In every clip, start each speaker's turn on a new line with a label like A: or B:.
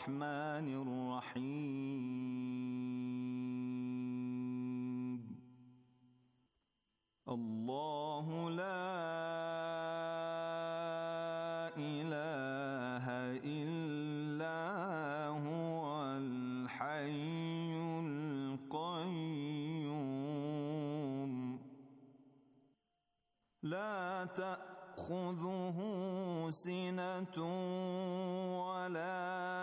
A: الرحمن الرحيم الله لا اله الا هو الحي القيوم لا تأخذه سنة ولا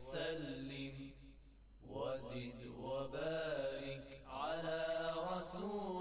B: وسلم وزد وبارك على رسول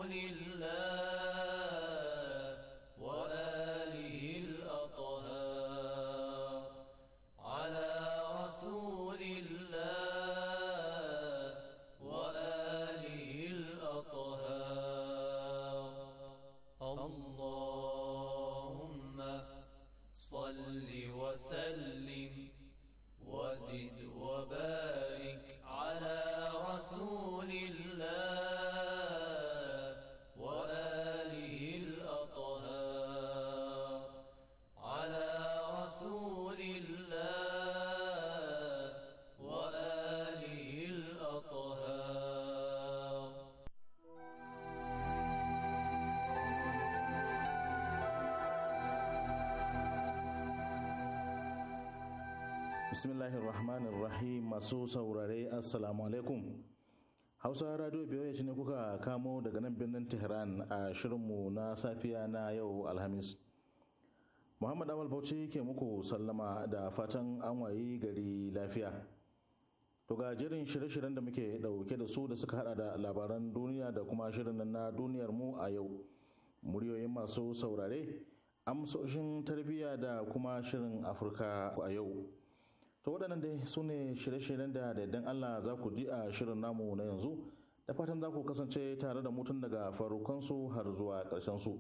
C: bismillahir rahmanir rahim masu saurare assalamu alaikum hausa radio biyoyi ne kuka kamo daga nan birnin tehran a shirinmu na safiya na yau alhamis muhammad amal bauchi ke muku sallama da fatan an wayi gari lafiya to ga jerin shirye-shiryen da muke dauke da su da suka hada da labaran duniya da kuma shirin na duniyar mu a yau muryoyin masu saurare amsoshin tarbiyya da kuma shirin afirka a yau to waɗannan dai su ne shirye-shiryen da daidan allah za ku ji a shirin namu na yanzu da fatan za ku kasance tare da mutum daga farukansu har zuwa ƙarshen su.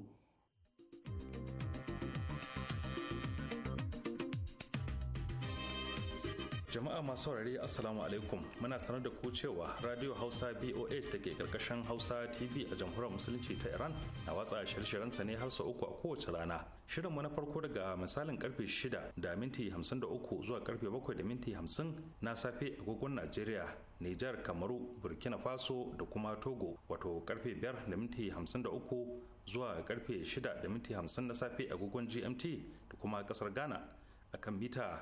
C: jama'a masu saurare assalamu
D: alaikum muna sanar da ku cewa radio hausa boh da ke karkashin hausa tv a jamhuriyar musulunci ta iran na watsa shirye sa ne har sau uku a kowace rana shirin mu na farko daga misalin karfe shida da minti 53 zuwa karfe bakwai da minti 50 na safe agogon najeriya nijar kamaru burkina faso da kuma togo wato karfe biyar da minti 53 zuwa karfe shida da minti 50 na safe agogon gmt da kuma kasar ghana akan mita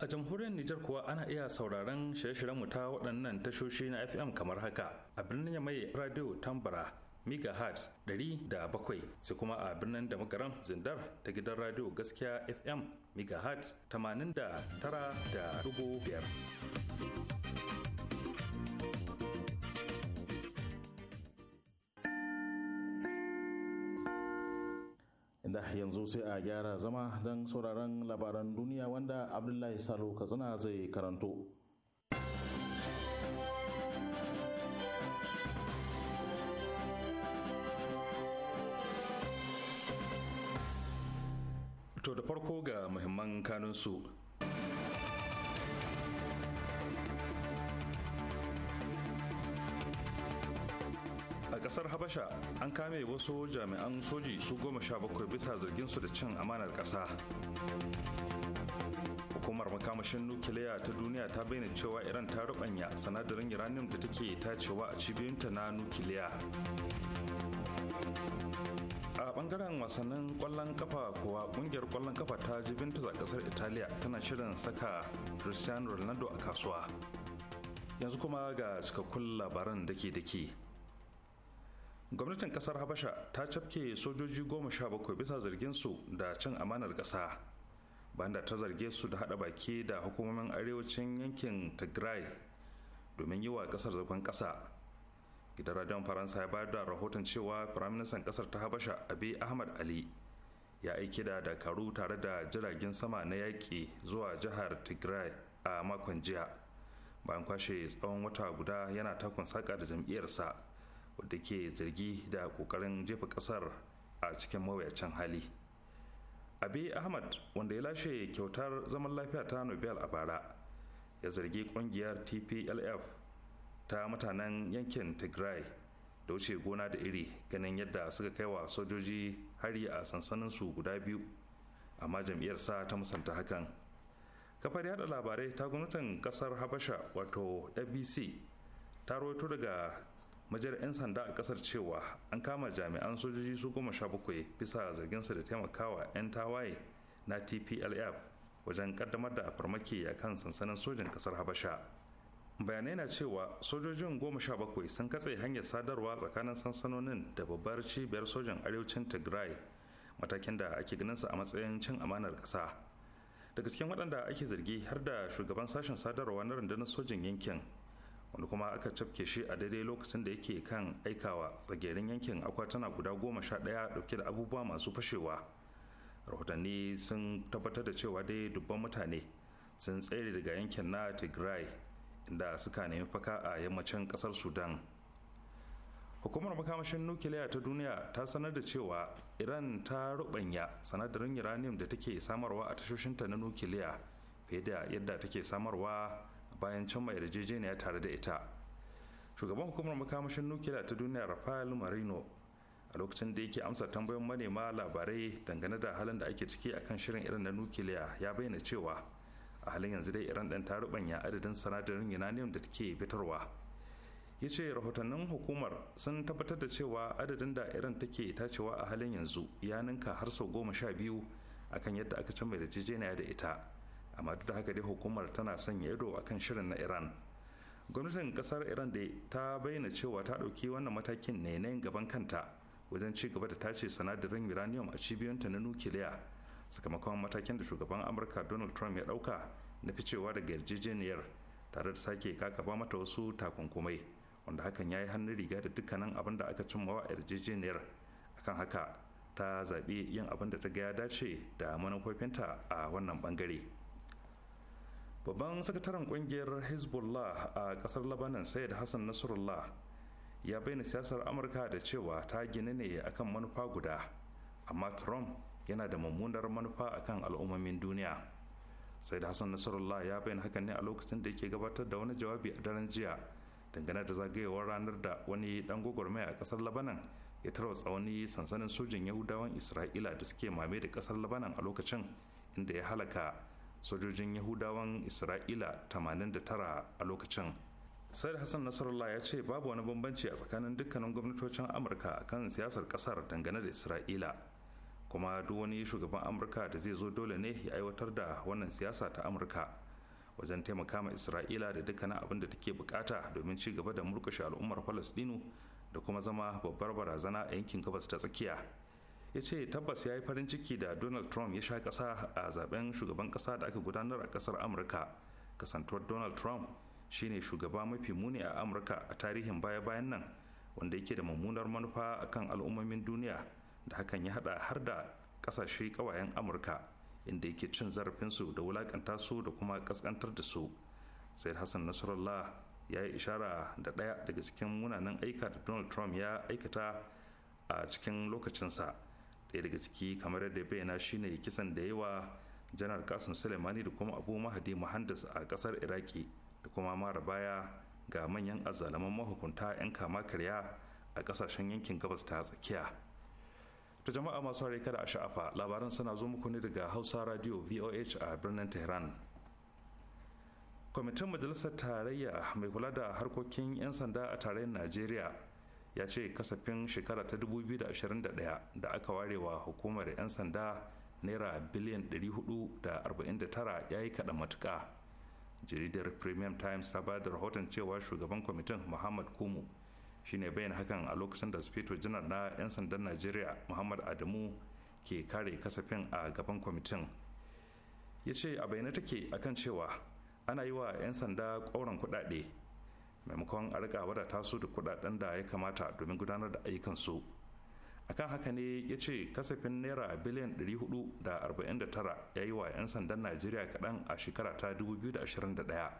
D: A jamhuriyar Nijar kuwa ana iya sauraron shirye-shiryen mu ta waɗannan tashoshi na FM kamar haka a birnin mai radio Tambara da bakwai sai kuma a birnin da magaran zindar ta gidan radio gaskiya fm megahertz 89.5
C: da yanzu sai a gyara zama don sauraron labaran duniya wanda abdullahi salo katsina zai karanto
D: to da farko ga muhimman kanunsu a kasar habasha an kame wasu jami'an soji su goma sha bakwai bisa zargin su da cin amanar kasa hukumar makamashin nukiliya ta duniya ta bayyana cewa iran ta rubanya sanadarin uranium da take tacewa a cibiyunta na nukiliya a bangaren wasannin kwallon kafa kuwa kungiyar kwallon kafa ta juventus a kasar italiya tana shirin saka cristiano ronaldo a kasuwa yanzu kuma ga cikakkun labaran da ke da ke. gwamnatin kasar habasha ta cafke sojoji goma sha bakwai bisa zargin su da cin amanar ƙasa banda ta zarge su da haɗa baki da hukumomin arewacin yankin tigray domin yi wa ƙasar zagon ƙasa gidan radiyon faransa ya bayar da rahoton cewa firaministan ƙasar ta habasha abi ahmad ali ya aiki da dakaru tare da jiragen sama na yaƙi zuwa jihar tigray a makon jiya bayan kwashe tsawon wata guda yana takun saƙa da jam'iyyarsa wadda ke zargi da kokarin jefa kasar a cikin mawuyacin hali abi ahmad wanda ya lashe kyautar zaman lafiya ta nobel a bara ya zargi kungiyar tplf ta mutanen yankin tigray da wuce gona da iri ganin yadda suka kai wa sojoji hari a sansanin su guda biyu amma sa ta musanta hakan kafar yada labarai ta gwamnatin kasar habasha wato fbc ta rawaito daga majiyar 'yan sanda a kasar cewa an kama jami'an sojoji su goma sha bakwai bisa zarginsu da taimakawa 'yan tawaye na tplf wajen kaddamar da farmaki a kan sansanin sojin kasar habasha bayanai na cewa sojojin goma sha bakwai sun katse hanyar sadarwa tsakanin sansanonin da babbar cibiyar sojin arewacin tigray matakin da ake ganinsa a matsayin cin amanar ƙasa daga cikin waɗanda ake zargi har da shugaban sashen sadarwa na rundunar sojin yankin wanda kuma aka cafke shi a daidai lokacin da yake kan aikawa tsagerin yankin akwatana guda goma sha ɗaya ɗauke da abubuwa masu fashewa rahotanni sun tabbatar da cewa dai dubban mutane sun tsere daga yankin na tigray inda suka nemi faka a yammacin ƙasar sudan hukumar makamashin nukiliya ta duniya ta sanar da cewa iran ta rubanya sanadarin uranium da take samarwa a tashoshinta na nukiliya fiye da yadda take samarwa bayan can mai yarjejeniya tare da ita shugaban hukumar makamashin nukiliya ta duniya rafael marino a lokacin da yake amsa tambayoyin manema labarai dangane da halin da ake ciki akan shirin irin na nukiliya ya bayyana cewa a halin yanzu dai iran ɗin ta rubanya adadin sanadarin uranium da take fitarwa ya ce rahotannin hukumar sun tabbatar da cewa adadin da iran take tacewa a halin yanzu ya ninka har sau goma sha biyu akan yadda aka can mai yarjejeniya da ita amma duk da haka dai hukumar tana sanya ido kan shirin na iran gwamnatin kasar iran da ta bayyana cewa ta ɗauki wannan matakin ne na yin gaban kanta wajen ci gaba da tace sanadarin uranium a cibiyunta na nukiliya sakamakon matakin da shugaban amurka donald trump ya ɗauka na ficewa daga yarjejeniyar tare da sake kakaba mata wasu takunkumai wanda hakan ya yi hannun riga da dukkanin abin da aka cimma wa yarjejeniyar akan haka ta zaɓi yin abin da ta ga ya dace da manufofinta a wannan bangare. babban sakataren kungiyar hezbollah a kasar labanan sayed hassan nasrullah ya bayyana siyasar amurka da cewa ta gina ne akan manufa guda amma trump yana da mummunar manufa akan al'ummomin duniya sai da hassan nasarullah ya bayyana hakan ne a lokacin da yake gabatar da wani jawabi a daren jiya dangane da zagayewar ranar da wani dan gwagwarmai a kasar labanan ya tarwa wani sansanin sojin yahudawan isra'ila da suke mame da kasar labanan a lokacin inda ya halaka sojojin yahudawan isra'ila 89 a lokacin said hassan nasarallah ya ce babu wani bambanci a tsakanin dukkanin gwamnatocin amurka kan siyasar kasar dangane da isra'ila kuma duk wani shugaban amurka da zai zo dole ne ya aiwatar da wannan siyasa ta amurka wajen taimaka ma isra'ila da dukkanin abin da take bukata domin ci gaba da murkushe al'ummar falastinu da kuma zama babbar barazana a yankin gabas ta tsakiya ya ce tabbas ya yi farin ciki da donald trump ya sha kasa a zaben shugaban kasa da aka gudanar a kasar amurka kasantuwar donald trump shine shugaba mafi muni a amurka a tarihin baya-bayan nan wanda yake da mummunar manufa kan al'ummomin duniya da hakan ya hada har da kasashe kawayen amurka inda yake cin zarafinsu da wulakanta su da kuma kaskantar da su sayyid hassan nasarallah ya yi ishara da ɗaya daga cikin munanan aika da donald trump ya aikata a cikin lokacinsa ɗaya daga ciki kamar yadda ya bayyana shine kisan da yawa janar kasim suleimani da kuma abu mahadi muhandis a ƙasar iraki da kuma mara baya ga manyan azalaman mahukunta 'yan kama karya a ƙasashen yankin gabas ta tsakiya ta jama'a masu haure kada a sha'afa labaran suna zo muku ne daga hausa radio voh a birnin tehran kwamitin majalisar tarayya mai kula da harkokin 'yan sanda a tarayyar najeriya ya ce kasafin shekara ta 2021 da aka ware wa hukumar 'yan sanda naira biliyan 449 ya yi kaɗan matuka jaridar premium times ta ba da rahoton cewa shugaban kwamitin muhammad kumu shine bayan hakan a lokacin da speto janar na 'yan sandan najeriya muhammad adamu ke kare kasafin a gaban kwamitin ya ce a bayyana take akan cewa ana yi wa 'yan sanda kwauran kuɗaɗe maimakon a riga wadata su da kudaden da ya kamata domin gudanar da ayyukansu akan haka ne ya ce kasafin naira biliyan 449 ya yi wa 'yan sandan najeriya kaɗan a shekara ta 2021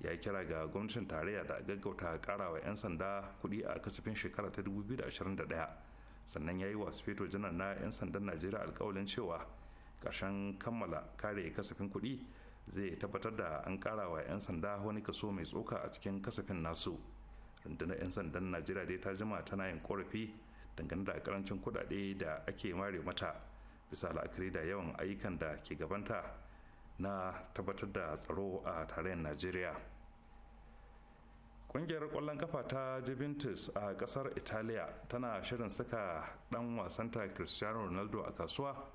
D: ya kira ga gwamnatin tarayya da gaggauta ƙara wa 'yan sanda kuɗi a kasafin shekara ta 2021 sannan ya yi wa sufeto janar na 'yan sandan najeriya alkawalin cewa ƙarshen kammala kare kasafin kuɗi zai tabbatar da an kara wa 'yan sanda wani kaso mai tsoka a cikin kasafin nasu rundunar 'yan sandan najeriya dai ta jima tana yin korafi dangane da karancin kudade da ake mare mata bisa la'akari da yawan ayyukan da ke gabanta na tabbatar da tsaro a tarayyar najeriya kungiyar kwallon kafa ta juventus a kasar italiya tana shirin saka dan wasanta cristiano ronaldo a kasuwa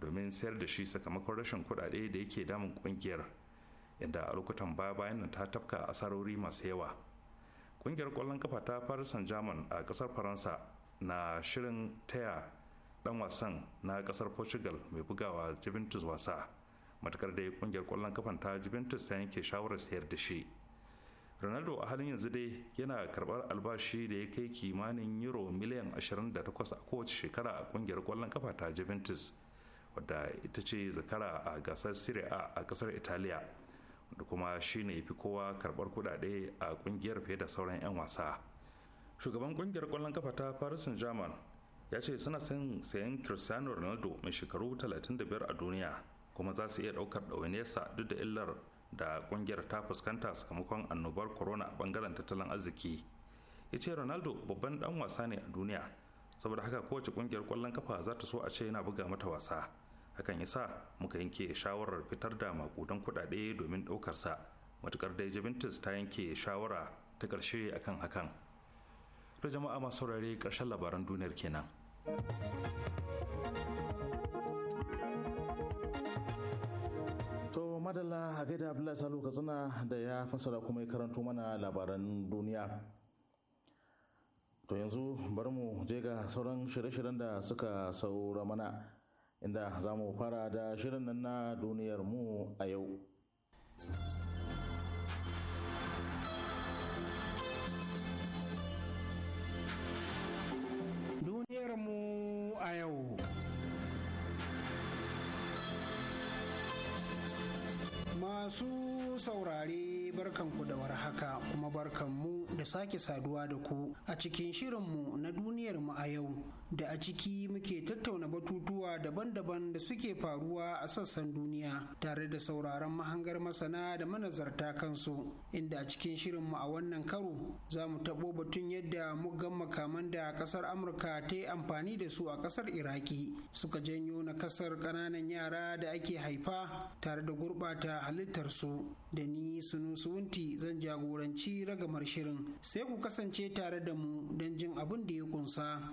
D: domin sayar da shi sakamakon rashin kudade da yake damun kungiyar inda a lokutan baya bayan ta tafka asarori masu yawa kungiyar kwallon kafa ta paris san germain a kasar faransa na shirin taya dan wasan na kasar portugal mai bugawa juventus wasa matakar dai kungiyar kwallon kafan ta juventus ta yanke shawarar sayar da shi ronaldo a halin yanzu dai yana karbar albashi da ya kai kimanin euro miliyan 28 a kowace shekara a kungiyar kwallon kafa ta juventus wadda ita ce zakara a gasar Serie A a kasar Italiya da kuma shi ne fi kowa karbar kudade a kungiyar fiye da sauran 'yan wasa. Shugaban kungiyar kwallon kafa ta Paris Saint-Germain ya ce suna son sayan Cristiano Ronaldo mai shekaru 35 a duniya kuma za su iya daukar ɗawainiyarsa duk da illar da kungiyar ta fuskanta sakamakon annobar corona a bangaren tattalin arziki. Ya ce Ronaldo babban dan wasa ne a duniya saboda haka kowace kungiyar kwallon kafa za ta so a ce yana buga mata wasa. hakan yasa muka yanke shawarar fitar da makudan kudade domin daukarsa matukar dai juventus ta yanke shawara ta karshe akan hakan da jama'a masu saurare ƙarshen labaran duniyar kenan
C: to madalla a gaida abdullahi salu katsina da ya fassara kuma ya karanto mana labaran duniya To yanzu bari mu je ga sauran shirye-shiryen da suka saura mana inda za mu fara da shirin nan na duniyar mu a yau.
E: Duniyar mu a yau.
F: Masu saurare barkanku da warhaka kuma barkanmu da sake saduwa da ku a cikin shirinmu na duniyar mu a yau. da a ciki muke tattauna batutuwa daban-daban da suke faruwa a sassan duniya tare da sauraron mahangar masana da manazarta kansu inda a cikin shirinmu a wannan karo za mu taɓo batun yadda muggan makaman da ƙasar amurka ta yi amfani da su a ƙasar iraki suka janyo na kasar ƙananan yara da ake haifa tare da gurɓata su da ni sunu suwunti zan jagoranci ragamar shirin sai ku kasance tare da mu don jin abin da ya kunsa.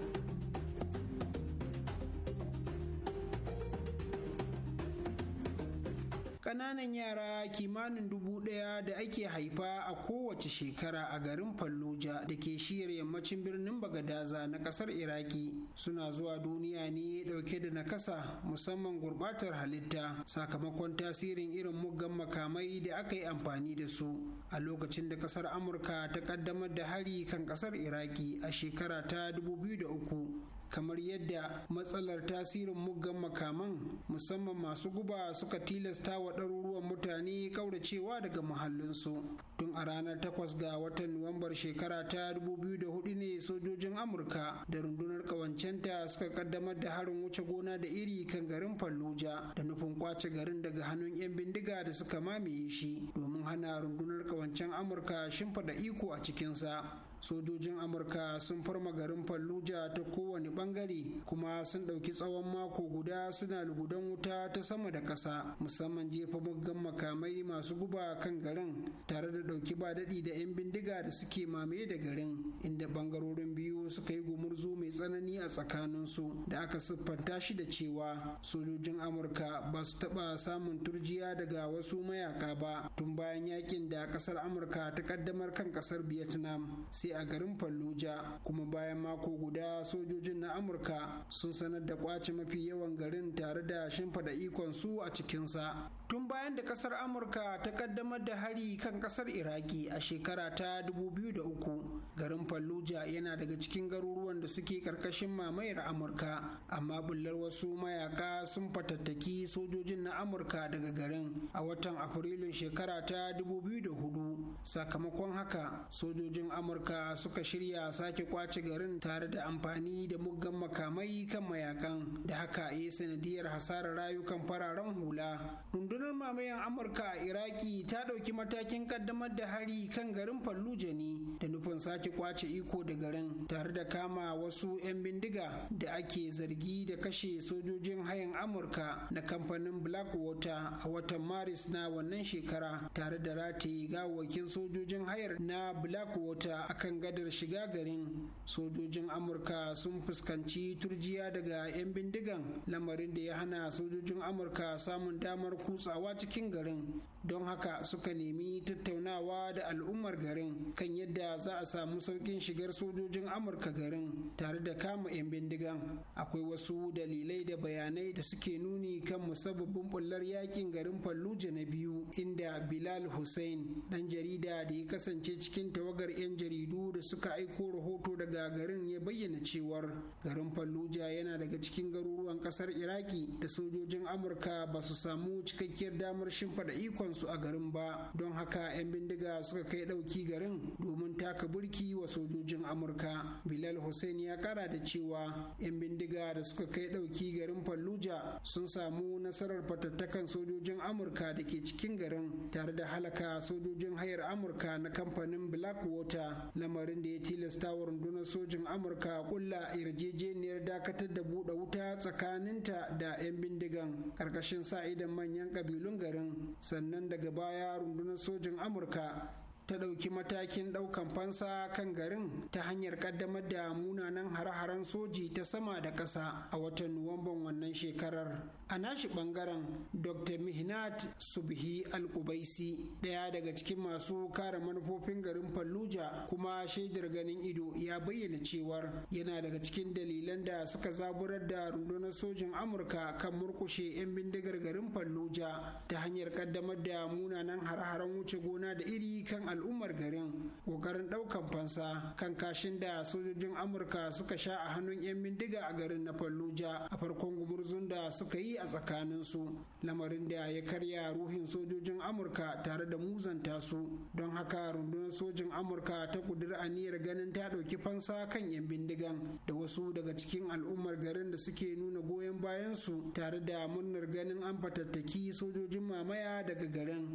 F: ƙananan yara kimanin dubu ɗaya da ake haifa a kowace shekara a garin Falluja da ke shiyar yammacin birnin Bagadaza na ƙasar Iraki suna zuwa duniya ne ɗauke da nakasa musamman gurɓatar halitta sakamakon tasirin irin muggan makamai da aka yi amfani da su a lokacin da ƙasar Amurka ta ƙaddamar da hari kan ƙasar Iraki a shekara ta 2003. kamar yadda matsalar tasirin muggan makaman musamman masu guba suka tilasta wa ɗaruruwan mutane kauracewa daga muhallinsu tun a ranar 8 ga watan nuwambar shekara ta 2004 ne sojojin amurka da rundunar kawancenta suka kaddamar da harin wuce gona da iri kan garin falluja da nufin kwace garin daga hannun 'yan bindiga da suka mamaye shi domin hana rundunar kawancen amurka shimfada iko a cikinsa sojojin amurka sun farma garin falluja ta kowane bangare kuma sun ɗauki tsawon mako guda suna lugudan wuta ta sama da ƙasa musamman jefa muggan makamai masu guba kan garin tare da ɗauki ba daɗi da 'yan bindiga da suke mamaye da garin inda bangarorin biyu suka yi gumurzu mai tsanani a tsakaninsu da aka siffanta shi da cewa sojojin amurka ba su taɓa samun turjiya daga wasu mayaka ba tun bayan yakin da ƙasar amurka ta ƙaddamar kan ƙasar vietnam sai a garin Fallujah kuma bayan mako guda sojojin na Amurka sun sanar da kwace mafi yawan garin tare da shimfada ikon su a cikinsa. Tun bayan da kasar Amurka ta kaddamar da hari kan kasar Iraki a shekara ta 2003 garin Fallujah yana daga cikin garuruwan da suke karkashin mamayar Amurka amma bullar wasu mayaka sun fatattaki sojojin na Amurka daga garin a watan Afrilun shekara ta 2004 sakamakon haka sojojin Amurka suka shirya sake kwace garin tare da amfani da muggan makamai kan mayakan da haka ya sanadiyar hasarar rayukan fararen hula rundunar mamayan amurka a iraki ta ɗauki matakin ƙaddamar da hari kan garin fallujah ne da kafin sake kwace iko da garin tare da kama wasu 'yan bindiga da ake zargi da kashe sojojin hayan amurka na kamfanin blackwater a watan maris na wannan shekara tare da rataye gawakin sojojin hayar na blackwater kan gadar shiga garin sojojin amurka sun fuskanci turjiya daga 'yan bindigan lamarin da ya hana sojojin amurka samun damar kutsawa cikin garin don haka suka nemi tattaunawa da al'ummar garin kan yadda za a samu sauƙin shigar sojojin amurka garin tare da kama 'yan bindigan akwai wasu dalilai da bayanai da suke nuni kan musabbabin bullar yakin garin falluja na biyu inda bilal hussein dan jarida da ya kasance cikin tawagar 'yan jaridu da suka aiko rahoto daga garin ya bayyana cewar garin falluja yana daga cikin garuruwan kasar iraki da sojojin amurka ba su samu cikakkiyar damar shimfiɗa ikonsu a garin ba don haka 'yan bindiga suka kai ɗauki garin domin taka burki wa sojojin amurka bilal hussein ya kara da cewa 'yan bindiga da suka kai ɗauki garin fallujah sun samu nasarar fatattakan sojojin amurka da ke cikin garin tare da halaka sojojin hayar amurka na kamfanin blackwater lamarin da ya tilasta wa rundunar sojin amurka kulla yarjejeniyar dakatar da buɗe wuta tsakaninta da 'yan bindigan ƙarƙashin sa idan manyan ƙabilun garin sannan daga baya rundunar sojin amurka ta ɗauki matakin ɗaukan fansa kan garin ta hanyar ƙaddamar da munanan hare-haren soji ta sama da ƙasa a watan Nuwamban wannan shekarar. A nashi ɓangaren Dr. Mihnat Subhi Al-Kubaisi ɗaya daga cikin masu kare manufofin garin Fallujah kuma shaidar ganin ido ya bayyana cewar yana daga cikin dalilan da suka zaburar da rundunar sojin Amurka kan murkushe 'yan bindigar garin Fallujah ta hanyar ƙaddamar da munanan har haren wuce gona da iri kan al al'ummar garin kokarin ɗaukan fansa kan kashin da sojojin amurka suka sha a hannun 'yan bindiga a garin na falluja a farkon gumurzun da suka yi a tsakanin su lamarin da ya karya ruhin sojojin amurka tare da muzanta su don haka rundunar sojin amurka ta kudur aniyar ganin ta ɗauki fansa kan 'yan bindigan da wasu daga cikin al'ummar garin da suke nuna goyon bayan su tare da murnar ganin an fatattaki sojojin mamaya daga garin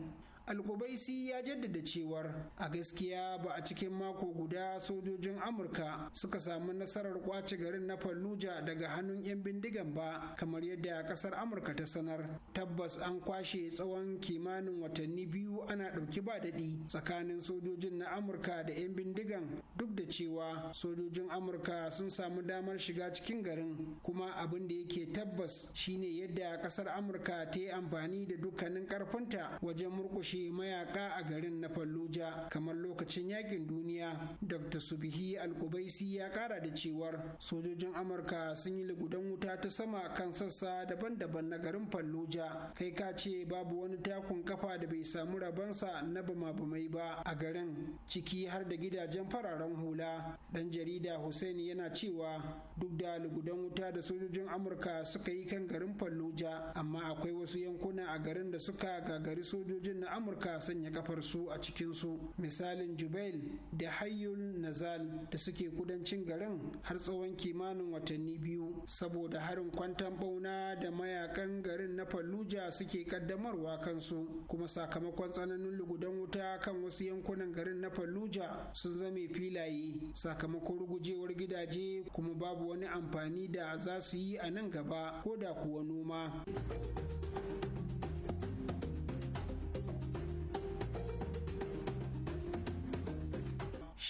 F: alkubaisi ya jaddada cewar a gaskiya ba a cikin mako guda sojojin amurka suka samu nasarar kwace garin na fallujah daga hannun 'yan bindigan ba kamar yadda kasar amurka ta sanar tabbas an kwashe tsawon kimanin watanni biyu ana ɗauki ba daɗi tsakanin sojojin na amurka da 'yan bindigan duk da cewa sojojin amurka sun samu damar shiga cikin garin kuma abin da yake tabbas shine yadda kasar amurka ta yi amfani da dukkanin karfinta wajen murkushe ce mayaka a garin na Fallujah kamar lokacin yakin duniya Dr. Subihi Alkubaisi ya kara da cewar sojojin Amurka sun yi lugudan wuta ta sama kan sassa daban-daban na garin Fallujah kai ka ce babu wani takun kafa da bai samu rabansa na bama-bamai ba a garin ciki har da gidajen fararen hula dan jarida Hussein yana cewa duk da lugudan wuta da sojojin Amurka suka yi kan garin Fallujah amma akwai wasu yankuna a garin da suka gagari sojojin na Amurka amurka sanya kafar su a cikinsu misalin jubail da hayyul nazal da suke kudancin garin har tsawon kimanin watanni biyu saboda harin kwantan bauna da mayakan garin na fallujah suke kaddamarwa kansu kuma sakamakon tsananin lugudan wuta kan wasu yankunan garin na fallujah sun zame filaye sakamakon rugujewar gidaje kuma babu wani amfani da za su yi a nan gaba ko da kuwa noma.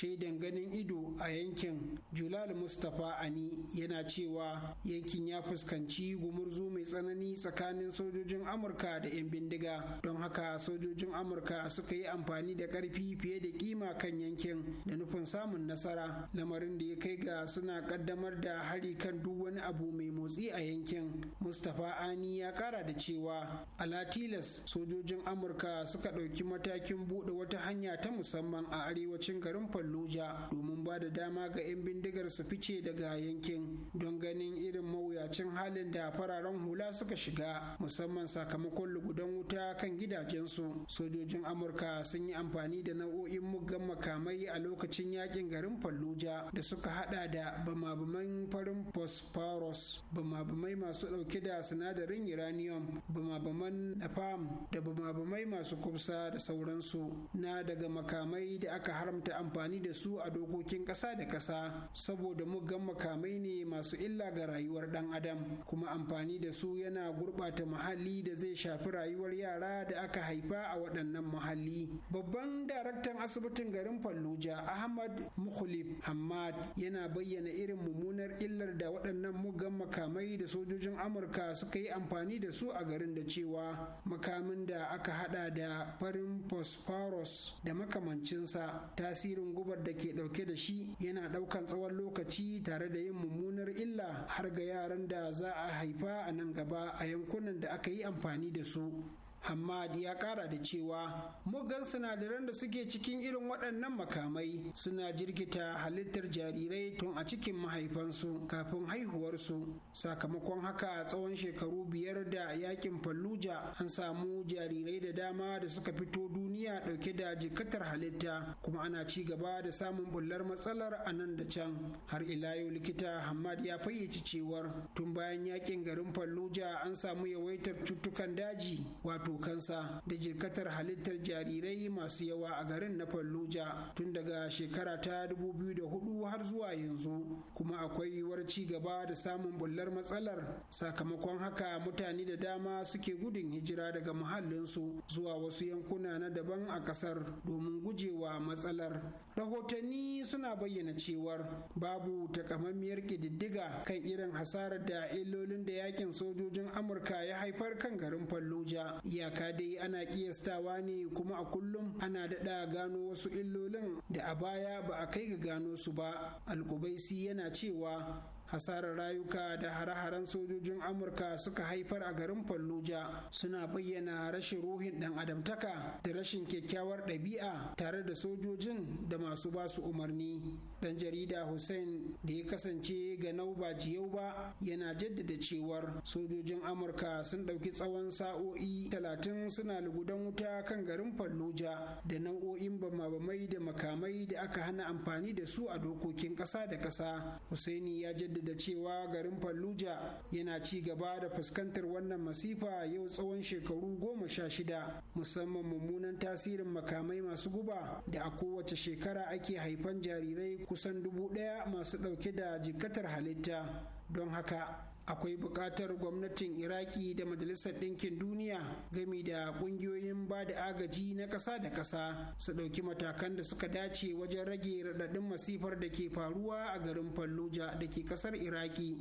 F: shaidan ganin ido a yankin julal mustapha ani yana cewa yankin ya fuskanci gumurzu mai tsanani tsakanin sojojin amurka da 'yan bindiga don haka sojojin amurka suka yi amfani da karfi fiye da kima kan yankin da nufin samun nasara lamarin da ya kai ga suna kaddamar da hari kan duk wani abu mai motsi a yankin mustapha ani ya kara da cewa alatilas sojojin amurka suka ɗauki matakin buɗe wata hanya ta musamman a arewacin garin fallujah domin ba da dama ga 'yan bindigar su fice daga yankin don ganin irin mawuyacin halin da fararen hula suka shiga musamman sakamakon lugudan wuta kan gidajensu sojojin amurka sun yi amfani da nau'o'in muggan makamai a lokacin yakin garin falluja da suka hada da bamabaman farin phosphorus bamabamai masu dauke da sinadarin uranium bamabaman napalm da bamabamai masu kubsa da sauransu na daga makamai da aka haramta amfani amfani da su a dokokin ƙasa da ƙasa saboda muggan makamai ne masu illa ga rayuwar ɗan adam kuma amfani da su yana gurɓata muhalli da zai shafi rayuwar yara da aka haifa a waɗannan muhalli babban daraktan asibitin garin falluja Ahmad Mukhlif Hamad yana bayyana irin mummunar illar da waɗannan muggan makamai da sojojin Amurka suka yi amfani da su a garin da cewa makamin da aka hada da farin phosphorus da makamancinsa tasirin gubar da ke ɗauke da shi yana ɗaukan tsawon lokaci tare da yin mummunar illa har ga yaran da za a haifa a nan gaba a yankunan da aka yi amfani da su Hamad ya kara da cewa muggan sinadaran da suke cikin irin waɗannan makamai suna jirkita halittar jarirai tun a cikin mahaifansu kafin haihuwarsu. Sakamakon haka a tsawon shekaru biyar da yakin falluja an samu jarirai da dama da suka fito duniya ɗauke da jikatar halitta kuma ana ci gaba da samun bullar matsalar a nan da can. Har ila yau likita Hamad ya fayyace cewar tun bayan yakin garin falluja an samu yawaitar cutukan daji wato kansa da jirkatar halittar jarirai masu yawa a garin na falluja tun daga shekara ta 2004 har zuwa yanzu kuma akwai yiwuwar ci gaba da samun bullar matsalar sakamakon haka mutane da dama suke gudun hijira daga muhallinsu zuwa wasu yankuna na daban a kasar domin gujewa matsalar rahotanni suna bayyana cewar babu takamammiyar ƙididdiga kan irin hasarar da illolin da yakin sojojin amurka ya haifar kan garin falluja iyaka dai ana kiyastawa ne kuma a kullum ana daɗa gano wasu illolin da a baya ba a kai ga gano su ba alkubaisi yana cewa hasarar rayuka da hare-haren sojojin amurka suka haifar a garin fallujah suna bayyana rashin ruhin dan adamtaka da rashin kyakkyawar ɗabi'a tare da sojojin da masu basu umarni dan jarida hussein da ya kasance ga nauba jiyau ba yana jaddada cewar sojojin amurka sun ɗauki tsawon sa'o'i talatin suna lugudan wuta kan garin fallujah da nau'o'in bama-bamai da makamai da aka hana amfani da su a dokokin ƙasa da ƙasa husaini ya jaddada da cewa garin falluja yana ci gaba da fuskantar wannan masifa yau tsawon shekaru goma sha shida musamman mummunan tasirin makamai masu guba da a kowace shekara ake haifan jarirai kusan dubu ɗaya masu ɗauke da jikatar halitta don haka akwai buƙatar gwamnatin iraki da majalisar ɗinkin duniya gami da ƙungiyoyin ba da agaji na ƙasa da ƙasa su ɗauki matakan da suka dace wajen rage raɗaɗin masifar da ke faruwa a garin falluja da ke ƙasar iraki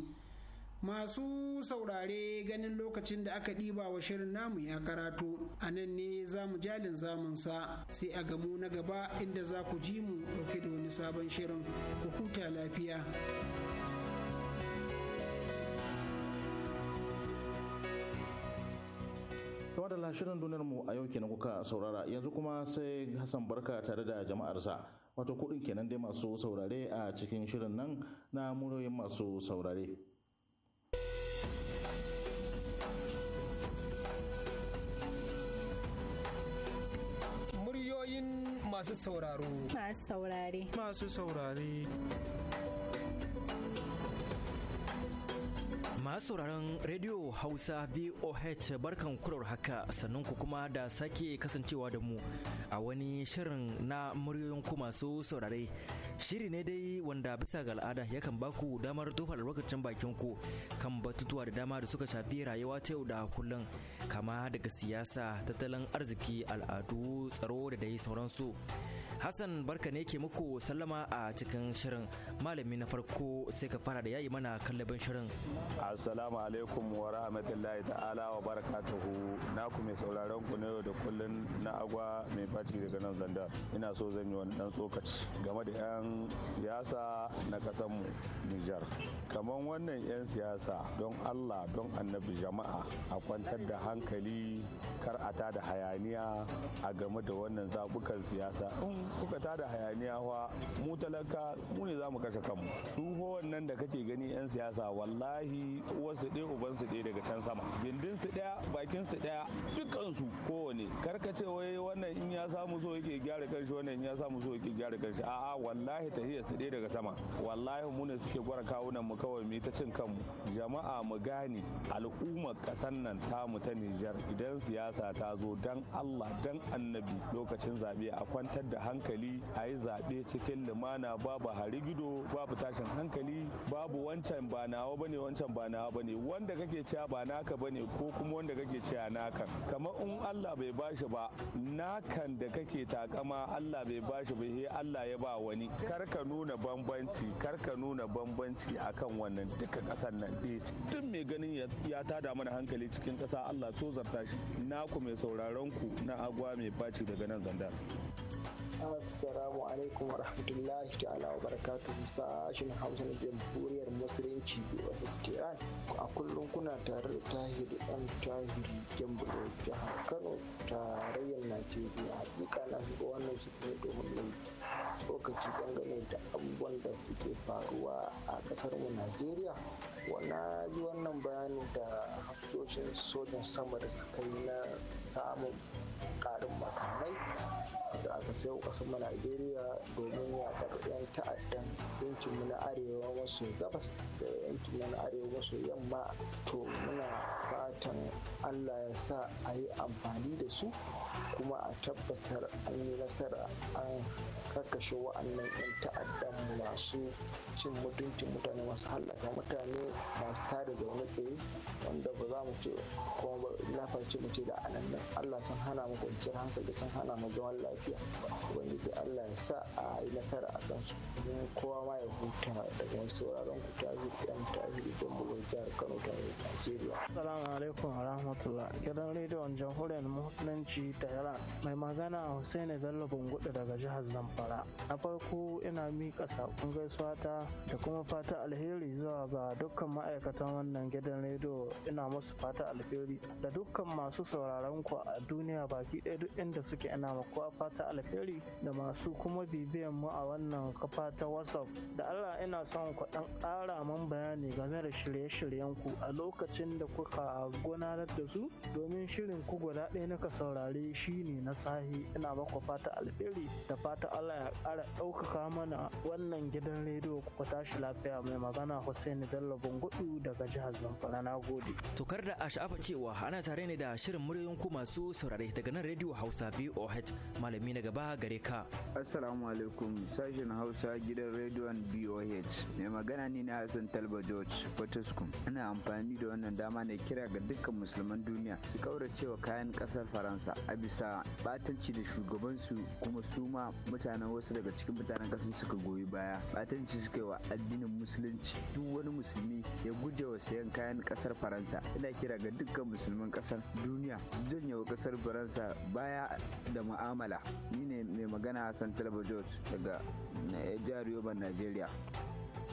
F: masu saurare ganin lokacin da aka ɗiba wa shirin namu ya karatu a nan ne za mu jalin zamunsa sai a gamu na gaba inda za ku ji mu ɗauke da wani sabon shirin ku huta lafiya. kawai da shirin duniyar mu a
C: yau kenan kuka saurara yanzu kuma sai Hassan Barka tare da jama'arsa wato kudin kenan dai masu saurare a cikin shirin nan na muryoyin masu saurare.
F: Muryoyin masu sauraro.
G: Masu saurare.
F: Masu saurare.
H: Masu sauraron Radio Hausa VOH barkan kurar haka sannan ku kuma da sake kasancewa da mu a wani shirin na muryoyin ku masu saurare. Shiri ne dai wanda bisa ga al'ada yakan baku damar tofa lokacin bakin ku kan batutuwa da dama da suka shafi rayuwa ta yau da kullum kama daga siyasa, tattalin arziki, al'adu, tsaro da dai sauransu. Hassan barka ne ke muku sallama a cikin shirin malami na farko sai ka fara da yayi mana kallabin shirin.
I: assalamu alaikum wa rahmatullahi ta'ala wa barakatuhu na ku mai sauraron ku na yau da kullun na agwa mai fati daga nan zanda ina so zan yi wani ɗan tsokaci game da yan siyasa na kasan mu Nijar kamar wannan yan siyasa don Allah don annabi jama'a a kwantar da hankali kar a tada hayaniya a game da wannan zabukan siyasa in kuka tada hayaniya wa mu talaka mu ne za mu kashe kanmu duk wannan da kake gani yan siyasa wallahi uwarsu ɗaya ubansu ɗaya daga can sama gindinsu ɗaya bakinsu ɗaya dukansu kowane karkace wai wannan in ya samu so yake gyara kanshi wannan in ya samu so yake gyara kanshi a'a wallahi tahiyar su ɗaya daga sama wallahi mu ne suke gwara kawunan mu kawai mu ta cin kanmu jama'a mu gane al'ummar ƙasar nan mu ta Nijar idan siyasa ta zo dan Allah dan annabi lokacin zaɓe a kwantar da hankali a yi zaɓe cikin lumana babu harigido babu tashin hankali babu wancan ba nawa bane wancan ba na bane wanda kake cewa ba naka bane ko kuma wanda kake cewa naka kamar in Allah bai bashi ba nakan da kake takama Allah bai bashi ba sai Allah ya ba wani kar ka nuna bambanci kar ka nuna bambanci akan wannan duka kasan nan dai eh, duk mai ganin ya tada mana hankali cikin kasa Allah so zarta shi naku mai sauraron ku na agwa mai baci daga nan zandar.
J: assalamu alaikum wa rahmatullahi ta'ala wa barakatuhu sashen hausa na jamhuriyar musulunci a Tehran a kullum kuna tare da tahiri dan tahiri da jihar kano tarayyar najeriya hakika na shiga wannan su ne domin tsokaci dangane da abubuwan da suke faruwa a kasar mu najeriya wana ji wannan bayani da hafsoshin sojan sama da suka yi na samun karin makamai da aka sayo kasar mu Najeriya domin yakar 'yan ta'addan yankin na arewa maso gabas da yankin mu na arewa maso yamma to muna fatan Allah ya sa a yi amfani da su kuma a tabbatar an yi nasara an karkashe wa'annan 'yan ta'addan masu cin mutuncin mutane masu hallaka mutane masu tare da wani tsaye wanda ba za mu ce kuma na farce mu ce da anan Allah sun hana mu kwanciyar hankali sun hana mu zaman lafiya Wani ubangiji allah ya sa a yi nasara a kansu domin kowa ma ya huta daga wasu sauraron ku ta zuci an ta zuci don bugun jihar kano
K: ta zuci nigeria.
B: assalamu alaikum wa rahmatullah gidan rediyon jamhuriyar musulunci ta iran mai magana hussein bello bungudu daga jihar zamfara na farko ina miƙa saƙon gaisuwa ta da kuma fata alheri zuwa ga dukkan ma'aikatan wannan gidan rediyo ina musu fata alheri da dukkan masu sauraron ku a duniya baki ɗaya duk inda suke ina muku fata alheri da masu kuma bibiyan mu a wannan kafa ta whatsapp da allah ina son ku dan ƙara man bayani game da shirye-shiryen ku a lokacin da kuka gudanar da su domin shirin ku guda ɗaya na ka saurare shi ne na sahi ina maku fata alheri da fata allah ya ƙara ɗaukaka mana wannan gidan rediyo ku tashi lafiya mai magana hussein dalla bungudu daga jihar zamfara
H: na gode tokar da a sha'afa cewa ana tare ne da shirin muryoyin ku masu saurare daga nan rediyo hausa voh malami na gaba gare ka.
L: Assalamu alaikum sashen Hausa gidan rediyon BOH mai magana ne na Hassan Talba George Potoskum. Ana amfani da wannan dama ne kira ga dukkan musulman duniya su ƙauracewa kayan kasar Faransa a bisa batanci da shugabansu kuma su ma mutanen wasu daga cikin mutanen kasar suka goyi baya. Batanci suka yi wa addinin musulunci duk wani musulmi ya guje wa sayan kayan kasar Faransa. Ina kira ga dukkan musulman kasar duniya wa kasar Faransa baya da mu'amala ni ne mai magana hassan talba george daga jihar yoruba nigeria.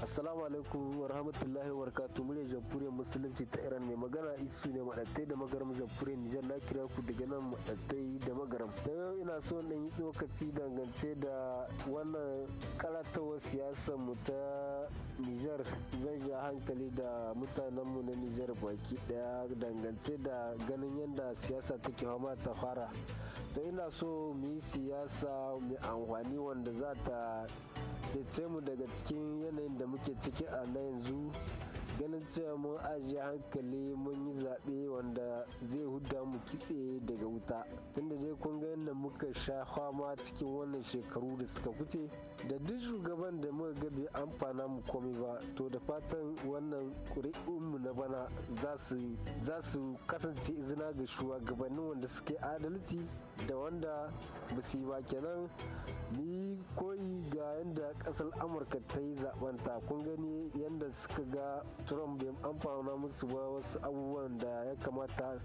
G: Assalamu alaikum wa rahmatullahi wa jamhuriyar musulunci ta Iran mai magana isu ne madattai da magaram jamhuriyar Nijar na kira ku daga nan madattai da magaram. Da yau ina so na yi tsokaci dangance da wannan karatawar siyasar mu ta Nijar zan ja hankali da mutanen mu na Nijar baki daya dangance da ganin yadda siyasa take fama ta fara. Da ina so mu yi siyasa mai amfani wanda za ta da mu daga cikin yanayin da muke ciki a na yanzu ganin cewa mun ajiye hankali mun yi zaɓe wanda zai huda mu kitse daga wuta tunda dai kun ga yadda muka sha fama cikin wannan shekaru da suka wuce da duk shugaban da muka ga bai amfana mu komai ba to da fatan wannan mu na bana za su kasance izina ga shugabannin wanda suke adalci da wanda ba su yi ba kenan ni koyi ga yadda ƙasar amurka ta yi zaɓen ta kun gani yadda suka ga trump bai amfana musu ba wasu abubuwan da ya kamata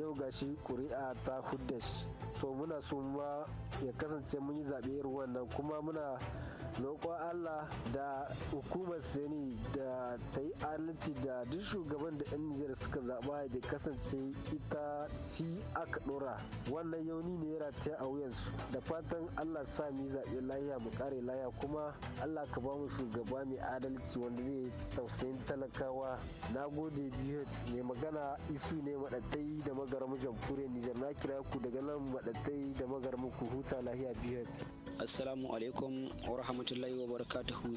G: yau gashi kuri'a ta hudash to muna so ma ya kasance mun yi zaɓe irin wannan kuma muna roƙon allah da hukumar sani da ta yi adalci da duk shugaban da 'yan nijar suka zaɓa da kasance ita shi aka ɗora wannan yauni ne ya ta a wuyansu da fatan allah sa mu zaɓe lahiya mu ƙare lahiya kuma allah ka ba mu shugaba mai adalci wanda zai tausayin talakawa na gode biyu mai magana isu ne maɗatai da magarmu jamhuriyar nijar na kira ku daga nan maɗatai da magarmu ku huta lahiya biyu assalamu alaikum wa rahmatullahi wa
L: barakatuhu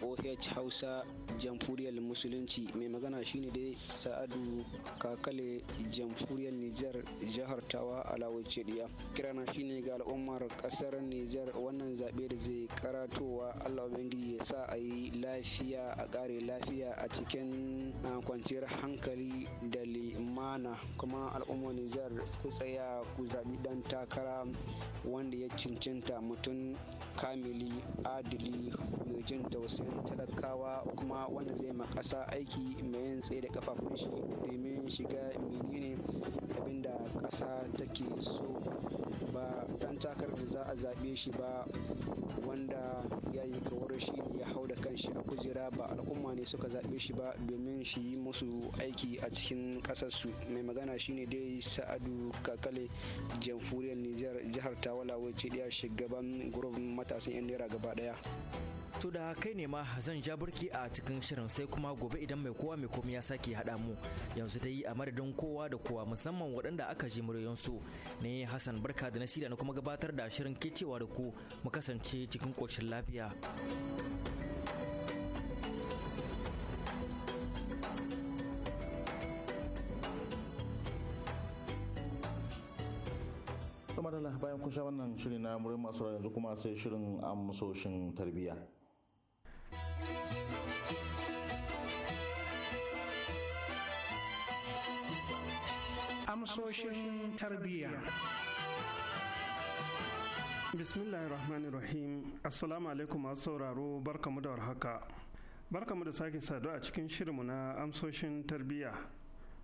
L: boh hausa jamhuriyar musulunci mai magana shine dai sa'adu kakale jamhuriyar nijar jihar tawa alawace diya kirana shine ga al'ummar kasar nijar wannan zaɓe da zai karatowa allah ubangiji ya sa a yi lafiya a ƙare lafiya a cikin kwanciyar hankali da limana kuma al'ummar Nijar ku tsaya ku zaɓi ɗan takara wanda ya cancanta mutum kamili adili mai jin tausayin talakawa kuma wanda zai ƙasa aiki mai yin tsaye da kafafun shi domin shiga menene abinda ƙasa take so ba ɗan takarar da za a zaɓe shi ba wanda ya yi kawar shi ya hau da kanshi a kujera ba al'umma ne suka zaɓe shi ba domin shi yi musu aiki a cikin ƙasarsu mai magana shine dai sa'adu kakale jamhuriyar nijar jihar tawala wacce ɗaya shugaban gurbin matasan yan naira gaba ɗaya
H: To da kai ne ma zan ja burki a cikin shirin sai kuma gobe idan mai kowa mai komai ya sake haɗa mu yanzu dai a madadin kowa da kowa musamman waɗanda aka ji muryoyinsu ne Hassan barka da na na kuma gabatar da shirin cewa da ku mu kasance cikin ƙoshin lafiya.
C: bayan kun sha wannan shiri na murin masu yanzu kuma sai shirin amsoshin tarbiyya.
F: amsoshin tarbiyya.
M: Bismillahirrahmanirrahim Assalamu alaikum masu sauraro barkamu da warhaka. Barkamu da sake sadu a cikin shirinmu na amsoshin tarbiyya.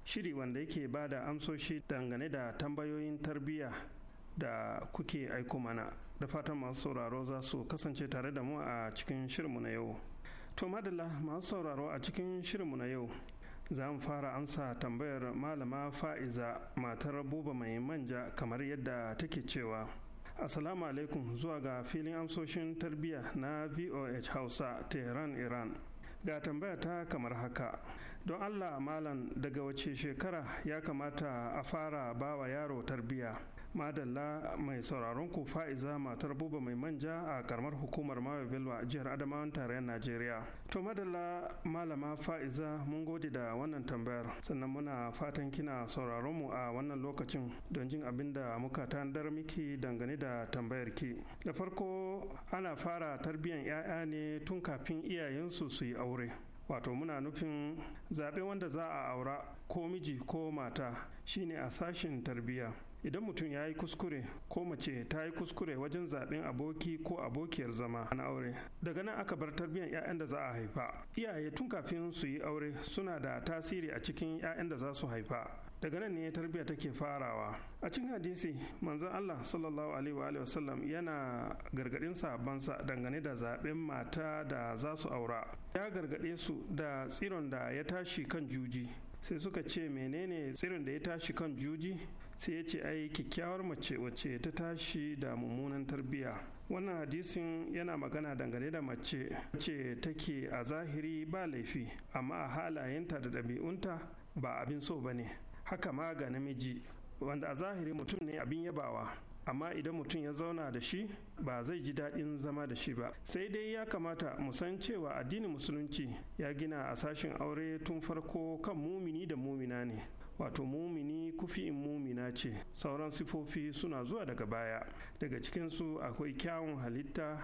M: Shiri wanda yake ba da amsoshi dangane da tambayoyin tarbiyya da kuke aiko mana. Da fatan masu sauraro za su kasance tare da mu a cikin shirinmu na yau. To madalla masu sauraro a cikin shirinmu na yau. za mu fara amsa tambayar malama fa'iza matar buba mai manja kamar yadda take cewa assalamu alaikum zuwa ga filin amsoshin tarbiyya na voh hausa tehran iran ga tambaya ta kamar haka don allah malam daga wace shekara ya kamata a fara bawa yaro tarbiya madalla mai sauraron ku fa'iza matar buba mai manja a karamar hukumar mawa bilwa jihar adamawan tarayyar najeriya to madalla malama fa'iza mun gode da wannan tambayar sannan muna fatan kina sauraron mu a wannan lokacin don jin abin da muka tandar miki dangane da tambayar ki da farko ana fara tarbiyan 'ya'ya ne tun kafin iyayensu su yi aure wato muna nufin zaɓe wanda za a aura ko miji ko mata shine a sashen tarbiyya idan mutum ya yi kuskure ko mace ta yi kuskure wajen zaɓen aboki ko abokiyar zama na aure daga nan aka bar tarbiyyar 'ya'yan da za a haifa iyaye tun kafin su yi aure suna da tasiri a cikin 'ya'yan da za su haifa daga nan ne tarbiyya take farawa a cikin hadisi manzon Allah sallallahu alaihi wa sallam yana gargadin sabansa dangane da zaɓen mata da za su aura ya gargade su da tsiron da ya tashi kan juji sai suka ce menene tsirin da ya tashi kan juji sai ya ce ai kyakkyawar mace wacce ta tashi da mummunan tarbiya wannan hadisin yana magana dangane da mace wacce take a zahiri ba laifi amma a halayenta da ɗabi'unta ba abin so ba ne haka ma ga namiji wanda a zahiri mutum ne abin yabawa amma idan mutum ya zauna da shi ba zai ji daɗin zama da shi ba sai dai ya kamata mu san cewa addinin musulunci ya gina a sashen aure tun farko kan mumini da mumina ne wato mumini in mumina ce sauran sifofi suna zuwa daga baya daga cikinsu akwai kyawun halitta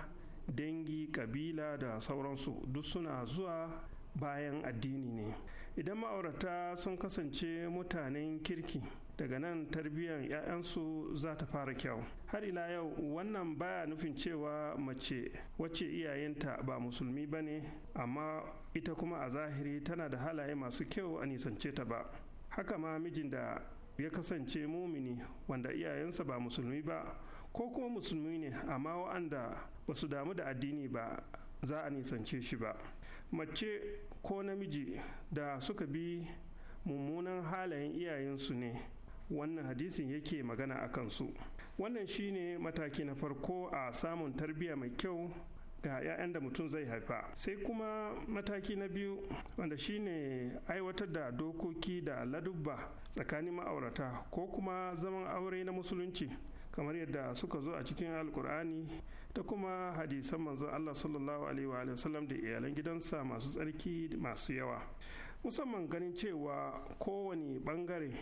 M: dangi kabila da sauransu duk suna zuwa bayan addini ne idan ma'aurata sun kasance mutanen kirki daga nan tarbiyyar 'ya'yansu za ta fara kyau har ila yau wannan baya nufin cewa mace wacce iyayenta ba musulmi ba ne amma ita kuma a zahiri tana da halaye masu kyau a nisance ta ba haka ma mijin da ya kasance mumini wanda iyayensa ba musulmi ba ko kuma musulmi ne amma wa'anda ba su damu da addini ba za a nisance shi ba mace ko namiji da suka bi mummunan halayen iyayensu ne wannan hadisin yake magana a kansu wannan shine mataki na farko a samun tarbiyya mai kyau ga 'ya'yan da mutum zai haifa sai kuma mataki na biyu wanda shine aiwatar da dokoki da ladubba tsakanin ma'aurata ko kuma zaman aure na musulunci kamar yadda suka zo a cikin alkur'ani da kuma hadisan manzo Allah sallallahu alaihi wa sallam da iyalan gidansa masu tsarki masu yawa musamman ganin cewa kowane bangare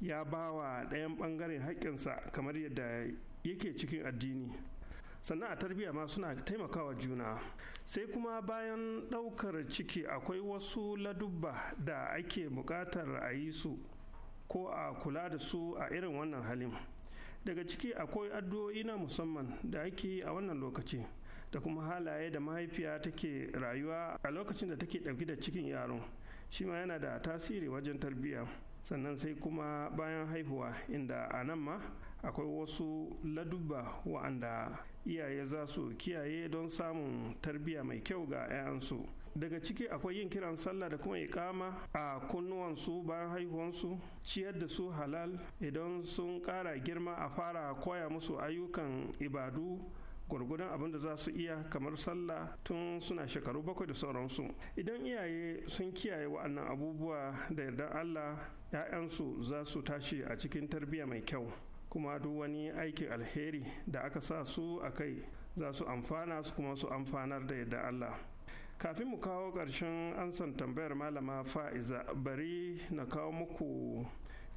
M: ya bawa ɗayan bangaren haƙƙinsa kamar yadda yake cikin addini sannan a tarbiyya ma suna taimakawa juna sai kuma bayan ɗaukar ciki akwai wasu ladubba da ake buƙatar a yi su ko a kula da su a irin wannan halin daga ciki akwai addu'o'i na musamman da ake yi a wannan lokaci da kuma halaye da mahaifiya take rayuwa a lokacin da take ɗauki da cikin yaron shi ma yana da tasiri wajen tarbiyya sannan sai kuma bayan haihuwa inda a nan ma akwai wasu ladubba wa'anda iyaye za su kiyaye don samun tarbiyya mai kyau ga 'ya'yansu. daga ciki akwai yin kiran sallah da kuma ikama a kunnuwansu bayan haihuwansu ciyar da su halal idan sun ƙara girma a fara koya musu ayyukan ibadu gwargwadon abin da za su iya kamar sallah tun suna shekaru bakwai da sauransu idan iyaye sun kiyaye wa'annan abubuwa da yardan allah 'ya'yansu za su tashi a cikin tarbiyya mai kyau kuma duk wani aikin alheri da aka sa su a kai za su amfana su kuma su amfanar da yardan allah kafin mu kawo ƙarshen ansan tambayar malama fa'iza bari na kawo muku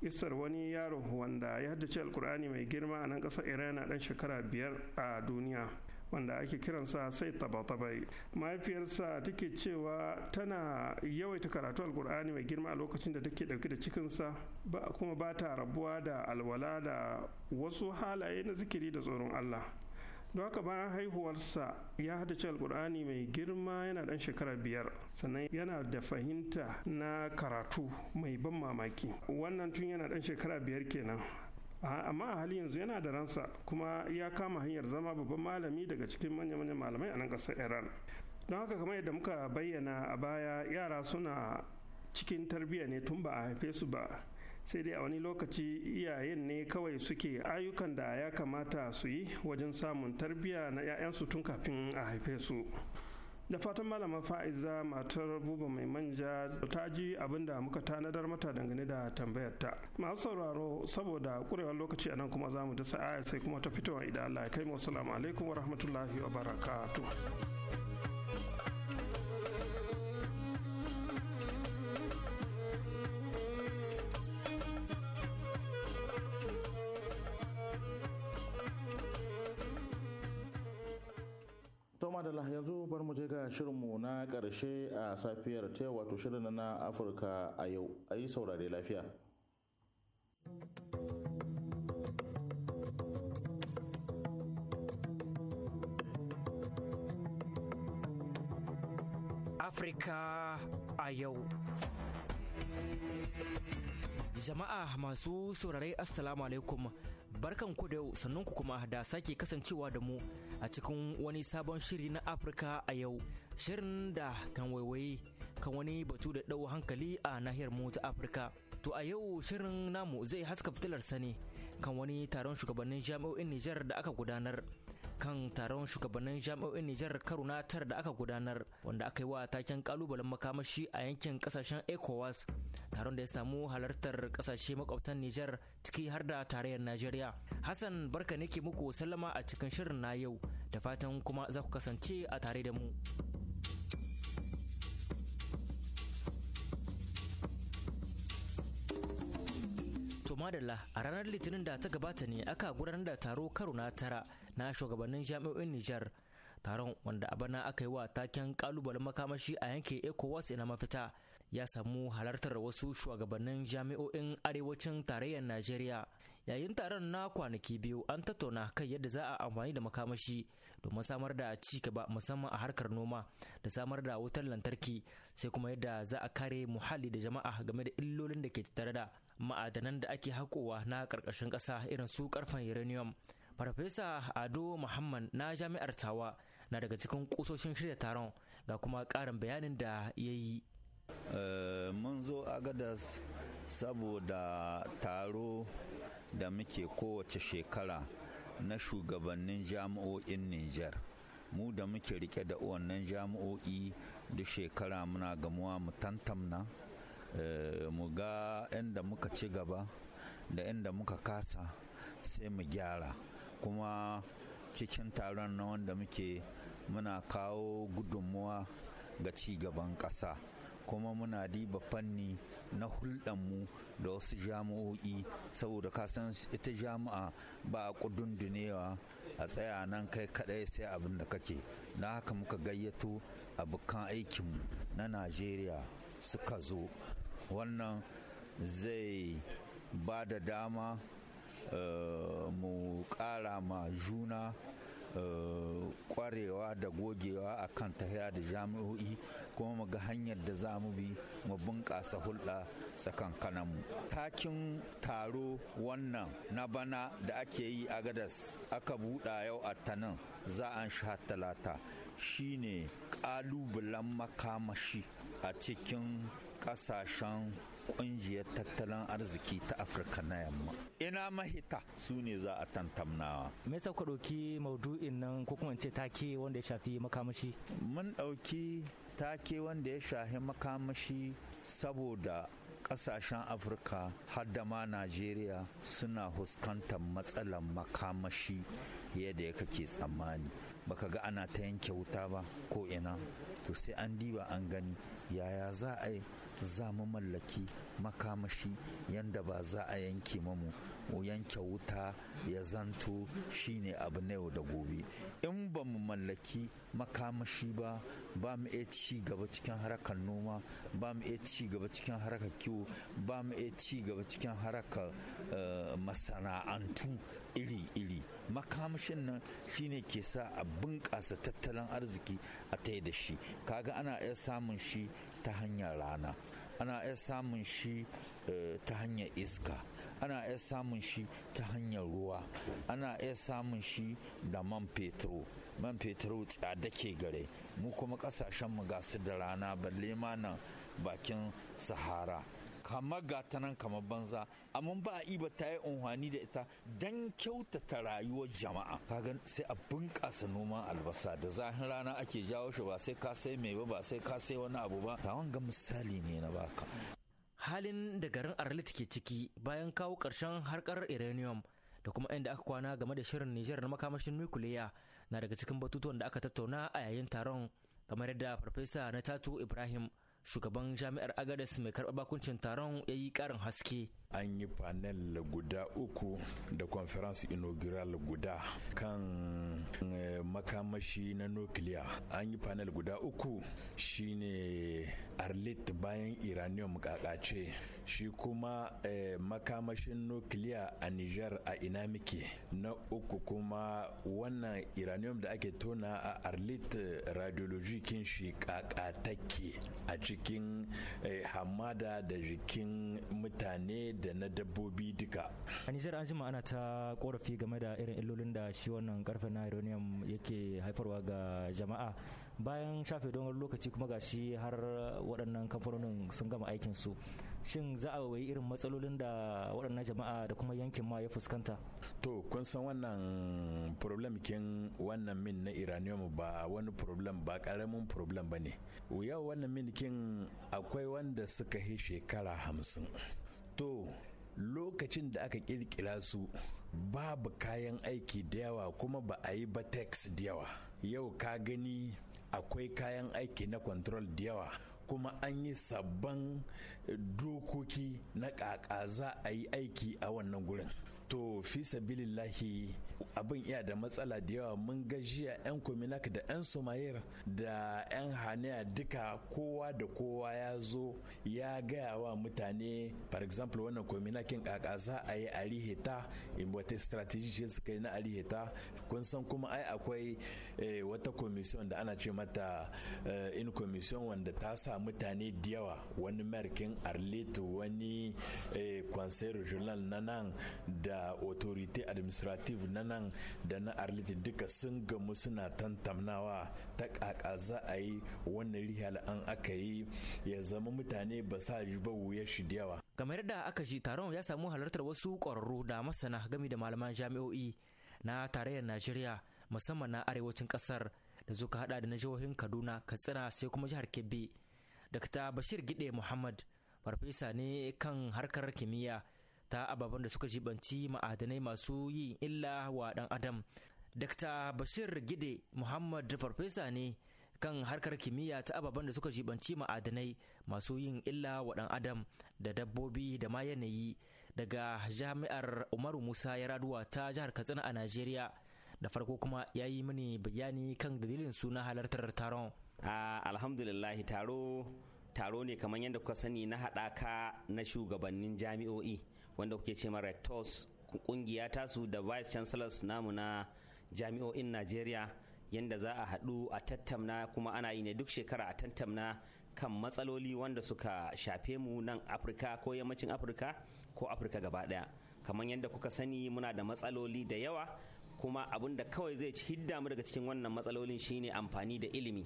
M: isar wani yaro wanda ya haddace alkur'ani mai girma a nan ƙasar irana ɗan shekara biyar a duniya wanda ake kiransa sai taba-tabai mahaifiyarsa take cewa tana yawaita karatu alkur'ani mai girma a lokacin da take ɗauke da cikinsa kuma ba ta rabuwa da alwala da wasu halaye na zikiri da tsoron allah don haka bayan haihuwarsa ya hada haddace alkur'ani mai girma yana dan shekara biyar sannan yana da fahimta na karatu mai ban mamaki wannan tun yana dan shekara biyar kenan amma a halin yanzu yana da ransa kuma ya kama hanyar zama babban malami daga cikin manya-manyan malamai a nan ƙasar iran don haka kamar yadda muka bayyana a baya yara suna cikin tarbiyya ne tun ba a haife su ba sai dai a wani lokaci iyayen ne kawai suke ayyukan da ya kamata su yi wajen samun tarbiyya na 'ya'yansu tun kafin a haife su da fatan malama fa'iza matar buba mai manja ta ji abin da muka tanadar mata dangane da tambayar ta masu sauraro saboda kurewar lokaci a nan kuma za mu da sa'a sai kuma ta fitowa idan Allah ya kai mu assalamu alaikum wa rahmatullahi wa barakatuh
C: adala yanzu bar mu je ga shirinmu na ƙarshe a safiyar ta wato shirin na afirka a yau a yi saurare lafiya
H: afirka a yau jama'a masu saurare assalamu alaikum barkan ku da yau sannan ku kuma da sake kasancewa da mu a cikin wani sabon shiri na Afirka a yau. Shirin da kan waiwaye kan wani batu da ɗau hankali a nahiyar mu ta Afirka. To a yau shirin namu zai haska fitilar sani kan wani taron shugabannin jami'o'in Nijar da aka gudanar. kan taron shugabannin jami'o'in Nijar karo na tar da aka gudanar wanda aka yi wa taken kalubalen makamashi a yankin kasashen ECOWAS taron da ya samu halartar kasashe makwabtan Nijar ciki har da tarayyar Najeriya. Hassan barka ne ke muku sallama a cikin shirin na yau da fatan kuma za ku kasance a tare da mu. To madalla a ranar litinin da ta gabata ne aka gudanar da taro karo na tara na shugabannin jami'o'in Nijar taron wanda a bana aka yi wa taken kalubalen makamashi a yanke ECOWAS ina mafita ya samu halartar wasu shugabannin jami'o'in arewacin tarayyar Najeriya yayin taron na kwanaki biyu an tattauna kan yadda za a amfani da makamashi domin samar da ci gaba musamman a harkar noma da samar da wutar lantarki sai kuma yadda za a kare muhalli da jama'a game da illolin da ke tattare da ma'adanan da ake haƙowa na ƙarƙashin ƙasa irin su ƙarfen uranium farfesa ado muhammad na jami'ar tawa na daga cikin kusoshin shirya taron ga kuma karin bayanin da ya yi eh, mun zo agadas
N: saboda taro da muke kowace shekara na shugabannin jami'o'in Nijar. mu da muke rike da wannan jami'o'i duk shekara muna gamuwa mu tantamna eh, mu ga inda muka ci gaba da inda muka kasa sai mu gyara kuma cikin taron na wanda muke muna kawo gudunmuwa ga ci gaban ƙasa kuma muna diba fanni na hulɗanmu da wasu jami'o'i saboda kasan ita jami'a ba a duniya a tsaya nan kai kaɗai sai abin da kake na haka muka gayyato a abokan aikinmu na najeriya suka zo wannan zai ba da dama Eh, mu ƙara ma juna kwarewa eh, da gogewa a kan tahiya da jami'o'i kuma mu ga hanyar da za mu bi mu bunƙasa hulɗa mu Takin taro wannan na bana da ake yi a gadas aka buɗa yau a tanin za an sha talata shine ƙalubalen makamashi a cikin ƙasashen ƙungiyar tattalin arziki ta afirka na yamma ina mahita su ne za a tantamnawa
H: me yasa ku ɗauki maudu'in nan ko kuma ce take wanda ya shafi makamashi mun ɗauki take wanda ya shafi makamashi saboda ƙasashen
N: afirka har da ma najeriya suna huskantar matsalar makamashi yadda ya kake tsammani baka ga ana ta yanke wuta ba ko ina to sai an diba an gani yaya za a yi za mu mallaki makamashi yadda ba za a yanke mamu yanke wuta ya zanto shine abu na yau da gobe in ba mu mallaki makamashi ba ba mu iya ci gaba cikin harkar noma ba mu iya ci gaba cikin harkar kiwo ba mu iya ci gaba cikin harkar eh, masana'antu iri-iri makamashin nan shine ke sa a bunƙasa tattalin arziki a ta da shi kaga ana iya samun shi ta hanyar rana ana iya samun shi eh, ta hanyar iska ana iya samun shi ta hanyar ruwa ana iya samun shi da man fetur man fetur tsada ke gare mu kuma kasashen mu ga su da rana balle ma nan bakin sahara kamar gata nan kamar banza amma ba a iba ta yi unhwani da ita don kyautata rayuwar jama'a kaga sai a bunƙasa noman albasa da zahin rana ake jawo shi ba sai ka sai mai ba ba sai ka sai wani abu ba ta wanga
H: misali ne na baka halin da garin arlit ke ciki bayan kawo ƙarshen harkar uranium da kuma inda aka kwana game da shirin Nijar na makamashin nukuliya na daga cikin batutuwan da aka tattauna a yayin taron kamar yadda farfesa na tatu ibrahim shugaban jami'ar agadas mai karɓar bakuncin taron ya yi ƙarin
O: haske an yi panel guda uku da conference inaugural guda kan eh, makamashi na nukiliya an yi panel guda uku shine arlit bayan iranium kakace shi kuma eh, makamashin nukiliya a Nijar a ina muke na uku kuma wannan uranium da ake tona a arlit eh, radiologikin shi kakatake a cikin eh, hamada da jikin mutane da na dabbobi duka
H: a Nijar an jima ana ta korafi game da irin illolin da shi wannan karfe na uranium yake haifarwa ga jama'a bayan shafe don lokaci kuma ga shi har waɗannan kamfanonin sun gama aikin su shin za a wayi
O: irin matsalolin da waɗannan jama'a da kuma yankin ma ya fuskanta to kun san wannan problem kin wannan min na iranium ba wani problem ba karamin problem ba ne yau wannan min kin akwai wanda suka yi shekara hamsin to lokacin da aka kirkira su babu kayan aiki da yawa kuma ba a yi ba tax da yawa yau ka gani akwai kayan aiki na control da yawa kuma an yi sabon dokoki na ƙaƙa za a yi aiki a wannan gurin to fi sabilillahi abin iya da matsala da yawa mun ga jiya 'yan kominak da 'yan somayir da 'yan haniya duka kowa da kowa ya zo ya gaya wa mutane for example wannan kominakin kaka za a yi a riheta wata strategy ce suka yi na a kun san kuma ai akwai eh, wata commission da ana ce mata eh, in commission wanda ta sa mutane da yawa wani merkin arleto wani eh, conseil regional na nan da authority administrative na nan da na arliti duka sun gamu suna tantamnawa ta kaka za a yi wannan rihal an aka yi ya zama mutane ba sa ba wuya shi da yawa kamar
H: da aka shi taron ya samu halartar wasu kwararru da masana gami da malaman jami'o'i na tarayyar najeriya musamman na arewacin kasar da suka hada da na jihohin kaduna katsina sai kuma jihar kebbi dr bashir gide muhammad farfesa ne kan harkar kimiyya ta ababen da suka jibanci ma'adanai masu yin illa wa ɗan adam dr bashir gide muhammad farfesa ne kan harkar kimiyya ta ababen da suka jibanci ma'adanai masu yin illa wa ɗan adam da dabbobi da ma yanayi daga jami'ar umaru musa ya raduwa ta jihar katsina a najeriya da farko kuma ya yi mini bayani kan dalilin suna halartar taron
P: alhamdulillah taro taro ne kamar yadda kuka sani na haɗaka na shugabannin jami'o'i wanda kuke ce ma rectors kungiya tasu da vice chancellors namu na jami'o'in najeriya yadda za a haɗu a tattamna kuma ana yi ne duk shekara a tattamna kan matsaloli wanda suka shafe mu nan afirka ko yammacin afirka ko afirka gaba ɗaya kamar yadda kuka sani muna da matsaloli da yawa kuma abin da kawai zai ci hidda mu daga cikin wannan matsalolin shine amfani da ilimi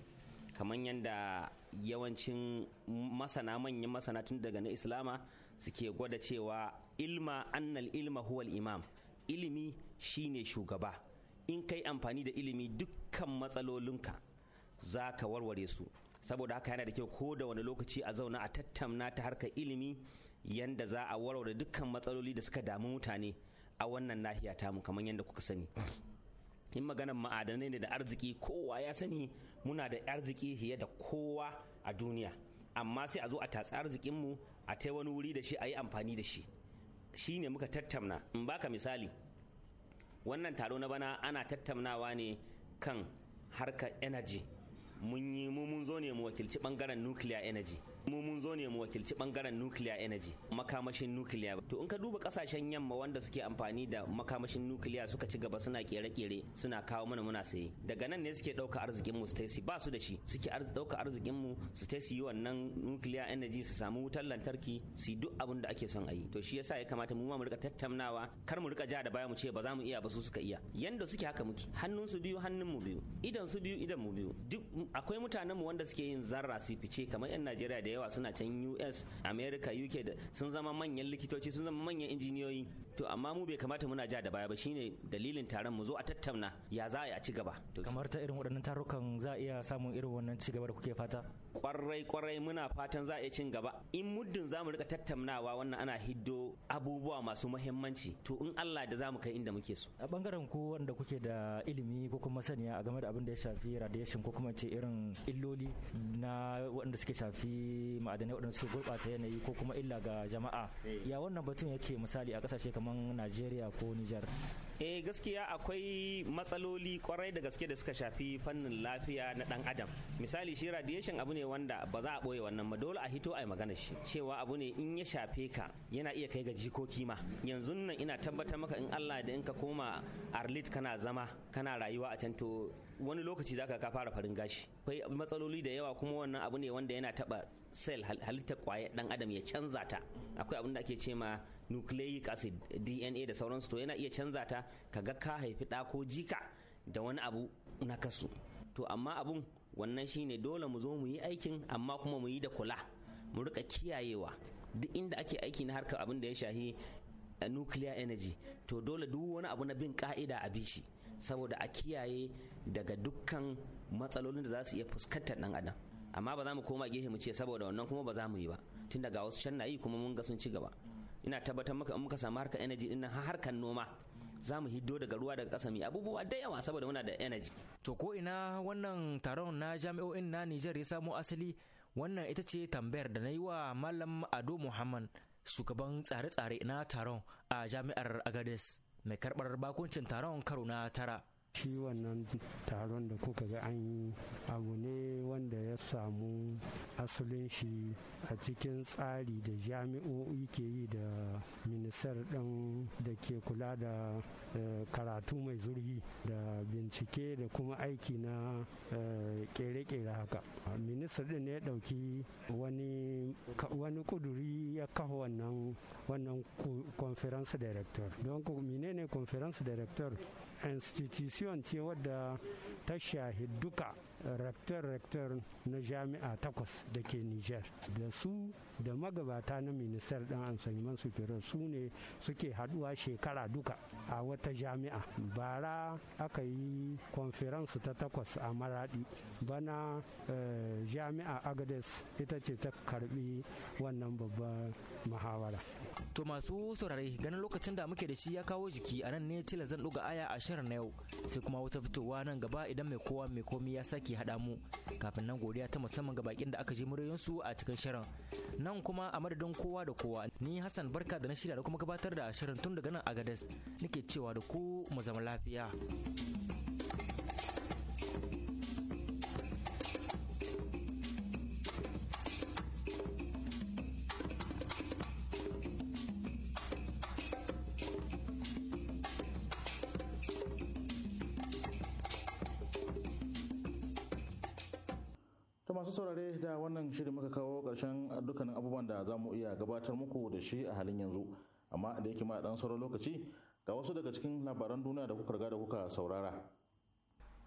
P: kamar yadda yawancin masana manyan masana tun daga na islama suke gwada cewa ilma annal ilma huwal imam ilimi shine shugaba in kai amfani da ilimi dukkan matsalolinka za ka warware su saboda haka yana da kyau ko da wani lokaci a zauna a tattamna ta harka ilimi yanda za a warware dukkan matsaloli da suka damu mutane a wannan nahiya tamu kamar yadda kuka sani in maganar ma'adanai ne da arziki kowa ya sani muna da arziki fiye da kowa a duniya amma sai a zo a tatsi arzikinmu a tai wani wuri da shi a yi amfani da shi shi ne muka tattamna in baka misali wannan taro na bana ana tattamnawa ne kan harkar energy mun yi mun zo ne mu wakilci bangaren nuclear energy mu mun zo ne mu wakilci bangaren nuclear energy makamashin nuclear to in ka duba kasashen yamma wanda suke amfani da makamashin nuclear suka ci gaba suna kere-kere suna kawo mana muna saye daga nan ne suke dauka arzikin mu su ba su da shi suke dauka arzikin mu su taisi yi wannan nuclear energy su samu wutar lantarki su yi duk abin da ake son a yi to shi yasa ya kamata mu ma mu rika tattaunawa kar mu rika ja da baya mu ce ba za mu iya ba su suka iya yanda suke haka muke hannun su biyu hannun mu biyu idan su biyu idan mu biyu duk akwai mutanen mu wanda suke yin zarra su fice kamar yan Najeriya da da yawa suna can US America UK da sun zama manyan likitoci sun zama manyan injiniyoyi to amma mu bai kamata muna ja da baya ba shine dalilin taron mu zo a tattauna ya za a ci gaba
H: kamar ta irin waɗannan tarukan za a iya samun irin wannan ci gaba da kuke fata
P: kwarai kwarai muna fatan za a cin gaba in muddin zamu rika tattaunawa wannan ana hiddo abubuwa masu muhimmanci to in Allah da zamu kai inda muke so
H: a bangaren ku wanda kuke da ilimi ko kuma saniya a game da abin da ya shafi radiation ko kuma ce irin illoli na waɗanda suke shafi ma'adanai waɗanda suke gurɓata yanayi ko kuma illa ga jama'a eh. ya wannan batun yake misali a kasashe kamar Najeriya ko niger.
P: eh gaskiya akwai matsaloli kwarai da gaske da suka shafi fannin lafiya na dan adam misali shi radiation abu ne wanda ba za a boye wannan ba dole a hito a yi magana shi cewa abu ne in ya shafe ka yana iya kai ga jikoki ma yanzu nan ina tabbatar maka in Allah da in ka koma arlit kana zama kana rayuwa a can to wani lokaci zaka ka fara farin gashi akwai matsaloli da yawa kuma wannan abu ne wanda yana taba cell halittar kwaye dan adam ya canza ta akwai abin da ake ce ma nucleic acid dna da sauransu to yana iya canza ta kaga ka haifi da ko jika da wani abu na kasu to amma abun wannan shine dole mu zo mu yi aikin amma kuma mu yi da kula mu rika kiyayewa duk inda ake aiki na harkar abin da ya shahi eh, nuclear energy to dole duk wani abu na bin ka'ida a bishi saboda a kiyaye daga dukkan matsalolin da za su iya fuskantar dan adam amma ba za mu koma gefe mu ce saboda wannan kuma ba za mu yi ba tun daga wasu can na yi kuma mun ga sun ci gaba ina tabbatar maka in muka samu harkar energy din nan harkar noma za mu hiddo daga ruwa daga ƙasa mai
H: abubuwa da yawa saboda muna da energy to ko ina wannan taron na jami'o'in na niger ya samo asali wannan ita ce tambayar da na yi wa malam Ado Muhammad shugaban tsare-tsare na taron a jami'ar Agades mai karɓar bakuncin taron karo na
E: tara shi wannan taron da kuka ga an yi abu ne wanda ya samu asalin shi a cikin tsari da jami'o'i ke yi da minisar ɗin da ke kula da eh, karatu mai zurfi da bincike da kuma aiki na eh, kere-kere haka Minisar ɗin ya ɗauki wani kuduri ya kafa wannan wannan conference director don menene conference director institution ce wadda ta shahi duka rektor rektor na jami'a takwas da ke niger da su da magabata na ministar ɗan ansanyiman sufirar su ne suke haduwa shekara duka a wata jami'a bara aka yi konferansu ta takwas a maradi bana eh, jami'a agades ita ce ta karbi wannan babban muhawara
H: to masu saurari ganin lokacin da muke da shi ya kawo jiki a nan ne tilazan zan ɗuga aya a shirin na yau sai kuma wata fitowa nan gaba idan mai kowa mai komi ya sake ke haɗa mu kafin nan godiya ta musamman ga bakin da aka je muryoyinsu a cikin shirin nan kuma a madadin kowa da kowa ni hassan barka da na shirya da kuma gabatar da shirin tun daga nan a agadas nake cewa da ku mu zama lafiya
C: da wannan shirin muka kawo ƙarshen dukkanin abubuwan da za mu iya gabatar muku da shi a halin yanzu amma da yake ma dan sauran lokaci ga wasu daga cikin labaran duniya da kuka riga da kuka saurara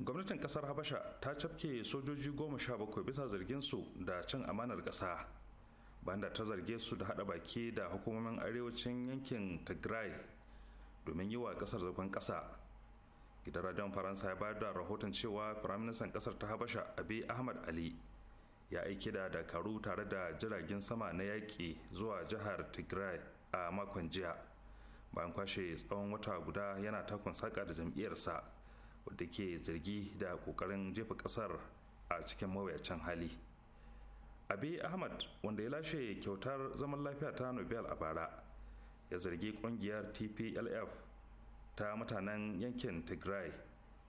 D: gwamnatin kasar habasha ta cafke sojoji goma sha bakwai bisa zargin su da cin amanar ƙasa banda ta zarge su da haɗa baki da hukumomin arewacin yankin tigray domin yi wa ƙasar zagon ƙasa gidan radiyon faransa ya bayar da rahoton cewa firaministan ƙasar ta habasha abi ahmad ali ya aiki da dakaru tare da jiragen sama na yaƙi zuwa jihar tigray a makon jiya bayan kwashe tsawon wata guda yana takon saƙa da jam'iyyarsa wadda ke zargi da ƙoƙarin jefa ƙasar a cikin mawuyacin hali abi ahmad wanda ya lashe kyautar zaman lafiya ta nobel a bara ya zargi ƙungiyar tplf ta mutanen yankin tigray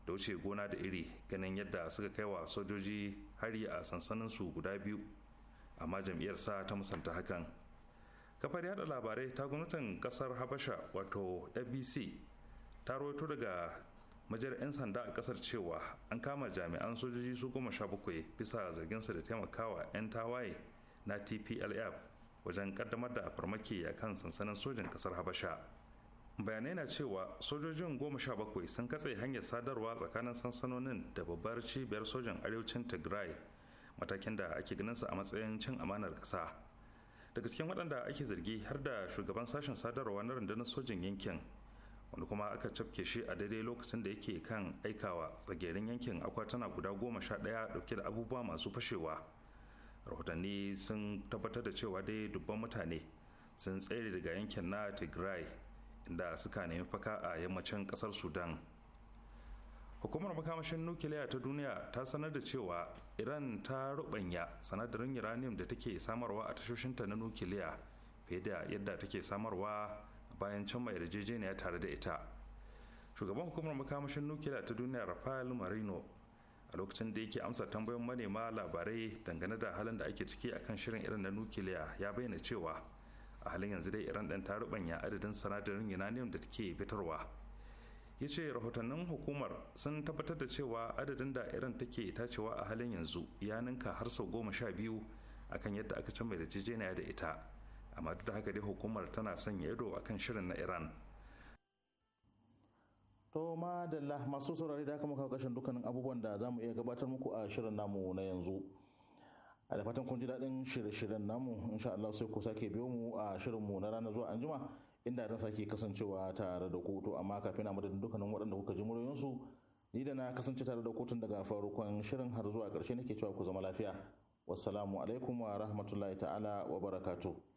D: da wuce gona da iri ganin yadda suka kai wa sojoji hari a sansanin su guda biyu amma jam'iyyar sa ta musanta hakan kafar yada labarai ta gwamnatin kasar habasha wato fbc ta rawaito daga majiyar 'yan sanda a kasar cewa an kama jami'an sojoji su goma sha bakwai bisa zarginsu da taimakawa 'yan tawaye na tplf wajen kaddamar da farmaki a kan sansanin sojin kasar habasha bayanai na cewa sojojin goma sha bakwai sun katse hanyar sadarwa tsakanin sansanonin da babbar cibiyar sojan arewacin tigray matakin da ake ganinsa a matsayin cin amanar ƙasa daga cikin waɗanda ake zargi har da shugaban sashen sadarwa na rundunar sojin yankin wanda kuma aka cafke shi a daidai lokacin da yake kan aikawa tsagerin yankin akwatana guda goma sha ɗaya ɗauke da abubuwa masu fashewa rahotanni sun tabbatar da cewa dai dubban mutane sun tsere daga yankin na tigray da suka nemi faka a yammacin kasar sudan hukumar makamashin nukiliya ta duniya ta sanar da cewa iran ta rubanya sanadarin uranium da take samarwa a tashoshinta na nukiliya fiye da yadda take samarwa bayan can mai yarjejeniya tare da ita shugaban hukumar makamashin nukiliya ta duniya rafael marino a lokacin da yake amsa tambayoyin manema labarai dangane da halin da ake ciki akan shirin irin na nukiliya ya bayyana cewa a halin yanzu dai iran ɗan ta rubanya adadin sinadarin uranium da take fitarwa ya ce rahotannin hukumar sun tabbatar da cewa adadin da iran take tacewa a halin yanzu ya ninka har sau goma sha biyu akan yadda aka can mai yarjejeniya da ita amma duk da haka dai hukumar tana sanya ido akan shirin na iran
C: to madalla masu saurari da haka muka kashin dukkanin abubuwan da za mu iya gabatar muku a shirin namu na yanzu a da fatan kun ji daɗin shirye-shiryen namu insha Allah sai ku sake biyo mu a shirin mu na ranar zuwa anjima inda zan sake kasancewa tare da kotu amma kafin na madadin dukkanin waɗanda kuka ji muryoyinsu ni da na kasance tare da kotun daga farkon shirin har zuwa ƙarshe nake cewa ku zama lafiya wassalamu alaikum wa rahmatullahi ta'ala wa barakatuh